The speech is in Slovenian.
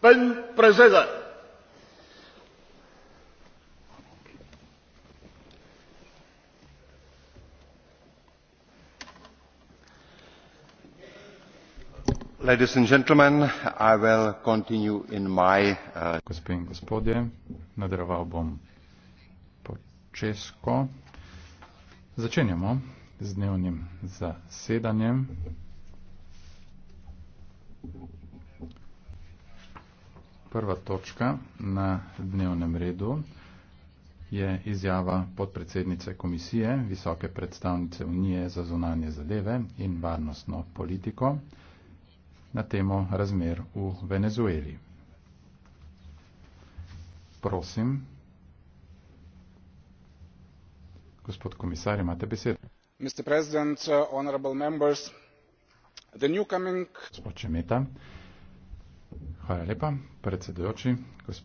本本帅者，ladies and gentlemen, I will continue in my. Uh, Gospe in gospodje, nadaljeval bom po česko. Začenjamo z dnevnim zasedanjem. prva točka na dnevnem redu je izjava podpredsednice komisije, visoke predstavnice Unije za zunanje zadeve in varnostno politiko na temo razmer v Venezueli. Prosim, gospod komisar, imate besedo. Mr. President, uh, honorable members, the new coming... Gospod Čemeta, Hvala lepa, predsedujoči, gosp.